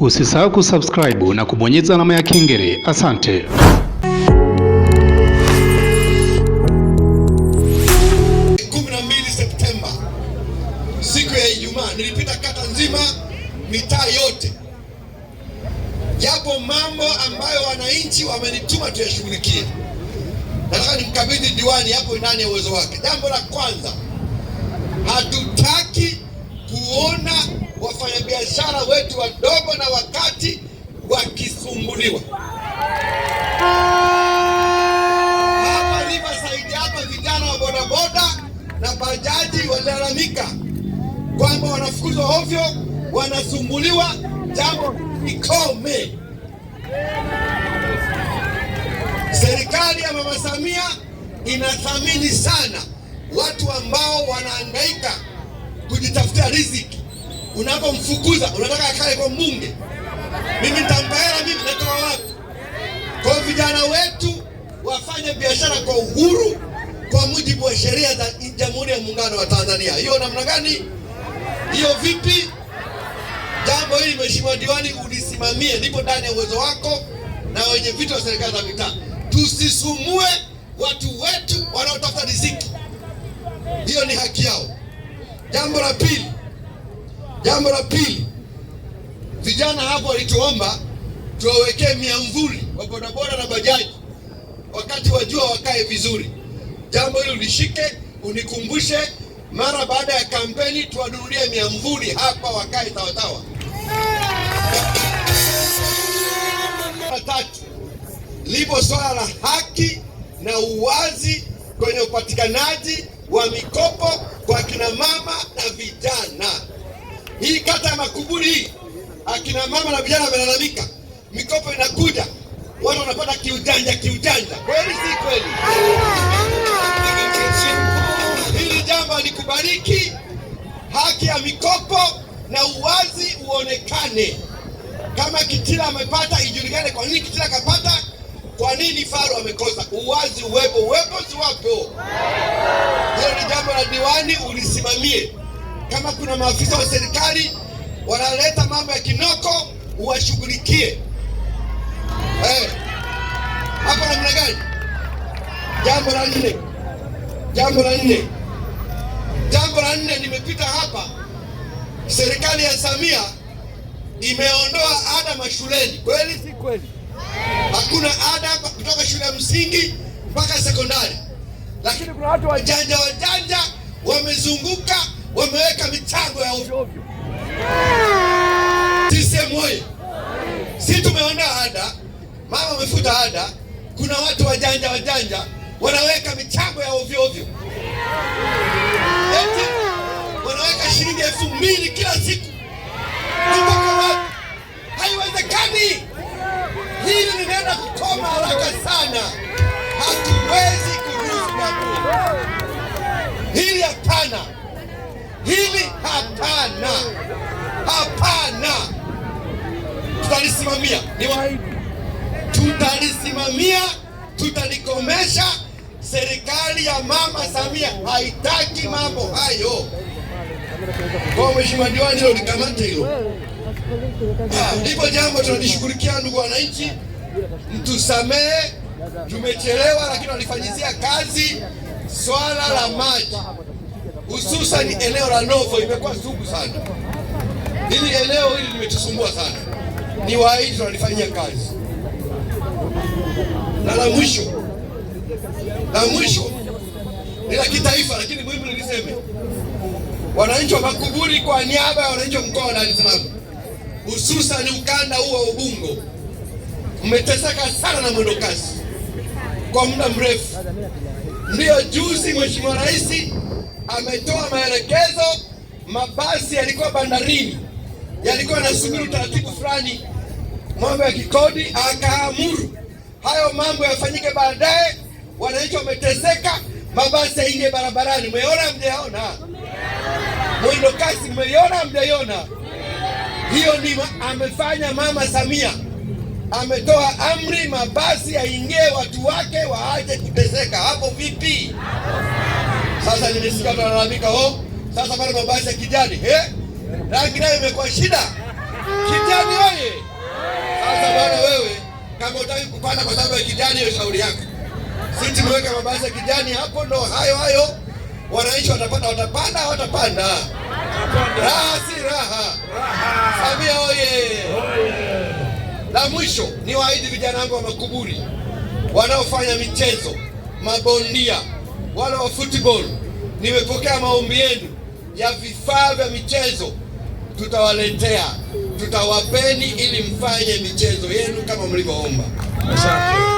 Usisahau kusubscribe na kubonyeza alama ya kengele. Asante. septemba siku ya Nilipita kata nzima, mitaa yote. Yapo mambo ambayo wananchi wamenituma tuyashughulikie, nataka nimkabidhi diwani hapo ndani ya uwezo wake. Jambo la kwanza, hatutaki kuona wafanyabiashara wetu wadogo na wakati wakisumbuliwa hapa Hapa vijana wa bodaboda na bajaji walalamika kwamba wanafukuzwa ovyo, wanasumbuliwa. Jambo ikome. Serikali ya Mama Samia inathamini sana watu ambao wanaangaika kujitafutia riziki unapomfukuza unataka akale kwa mbunge, mimi nitampahela mimi natoka wapi? Kwa vijana wetu wafanye biashara kwa uhuru kwa mujibu wa sheria za Jamhuri ya Muungano wa Tanzania. Hiyo namna gani? Hiyo vipi? Jambo hili Mheshimiwa Diwani ulisimamie, ndipo ndani ya uwezo wako na wenye vitu wa serikali za mitaa, tusisumue watu wetu wanaotafuta riziki. Hiyo ni haki yao. Jambo la pili Jambo la pili, vijana hapo walituomba tuwawekee miamvuli wa bodaboda na bajaji, wakati wa jua wakae vizuri. Jambo hilo lishike, unikumbushe mara baada ya kampeni, tuwanunulie miamvuli hapa wakae tawatawa. Tatu, lipo swala la haki na uwazi kwenye upatikanaji wa mikopo kwa kina mama na vijana. Hii kata ya Makuburi hii akina mama na vijana wamelalamika, mikopo inakuja, watu wanapata kiujanja kiujanja. Kweli si kweli? Hili jambo likubariki, haki ya mikopo na uwazi uonekane. Kama Kitila amepata ijulikane, kwa nini Kitila akapata, kwa nini Faru amekosa. Uwazi uwepo, uwepo si wapo. Hilo ni jambo la diwani ulisimamie. Kama kuna maafisa wa serikali wanaleta mambo ya kinoko, uwashughulikie eh, Hapa hey. Namna gani? Jambo la nne, jambo la nne, jambo la nne, nimepita hapa. Serikali ya Samia imeondoa ada mashuleni, kweli si kweli? Hakuna ada kutoka shule ya msingi mpaka sekondari, lakini kuna watu wajanja wajanja ovyo. Ah! Sisi si tumeona ada, mama amefuta ada. Kuna watu wajanja wajanja wanaweka michango ya ovyo ovyo, eti wanaweka shilingi elfu mbili kila siku kutoka wapi? Haiwezekani. Hili linaenda kukoma haraka sana, hatuwezi kuruhusu. Hili hapana, hili niwaahidi tutalisimamia, tutalikomesha. Serikali ya Mama Samia haitaki mambo hayo. Kwa mheshimiwa diwani, hilo likamate hilo. Ndipo ah, jambo tunalishughulikia. Ndugu wananchi, mtusamehe, tumechelewa, lakini walifanyizia kazi swala la maji, hususan eneo la Novo imekuwa sugu sana. Hili eneo hili limetusumbua sana ni waizi walifanya kazi. Na la mwisho, la mwisho ni la kitaifa, lakini muhimu niliseme, wananchi wa Makuburi kwa niaba ya wananchi wa mkoa wa Dar es Salaam, hususani ukanda huu wa Ubungo, mmeteseka sana na mwendo kasi kwa muda mrefu. Ndiyo juzi Mheshimiwa Rais ametoa maelekezo, mabasi yalikuwa bandarini yalikuwa yanasubiri utaratibu fulani, mambo ya kikodi, akaamuru hayo mambo yafanyike baadaye. Wananchi wameteseka, mabasi yaingie barabarani. Mmeona mjaona? Mwendo kasi mmeiona mjaiona? Hiyo ni amefanya Mama Samia, ametoa amri mabasi yaingie, watu wake waache kuteseka. Hapo vipi? Sasa nimesikia tunalalamika, oh, sasa pale mabasi ya kijani eh? rangi nayo imekuwa shida kitani wewe. Sasa bwana wewe, kama utaki kupanda kwa sababu ya kitani, hiyo shauri yako. Sisi tumeweka mabasi ya kijani hapo, ndo hayo hayo wananchi watapanda, watapanda, watapanda. Raha si raha, Samia oye! La mwisho ni waahidi vijana wangu wa makuburi wanaofanya michezo, mabondia, wale wa football, nimepokea maombi yenu ya vifaa vya michezo tutawaletea, tutawapeni ili mfanye michezo yenu kama mlivyoomba. Asante.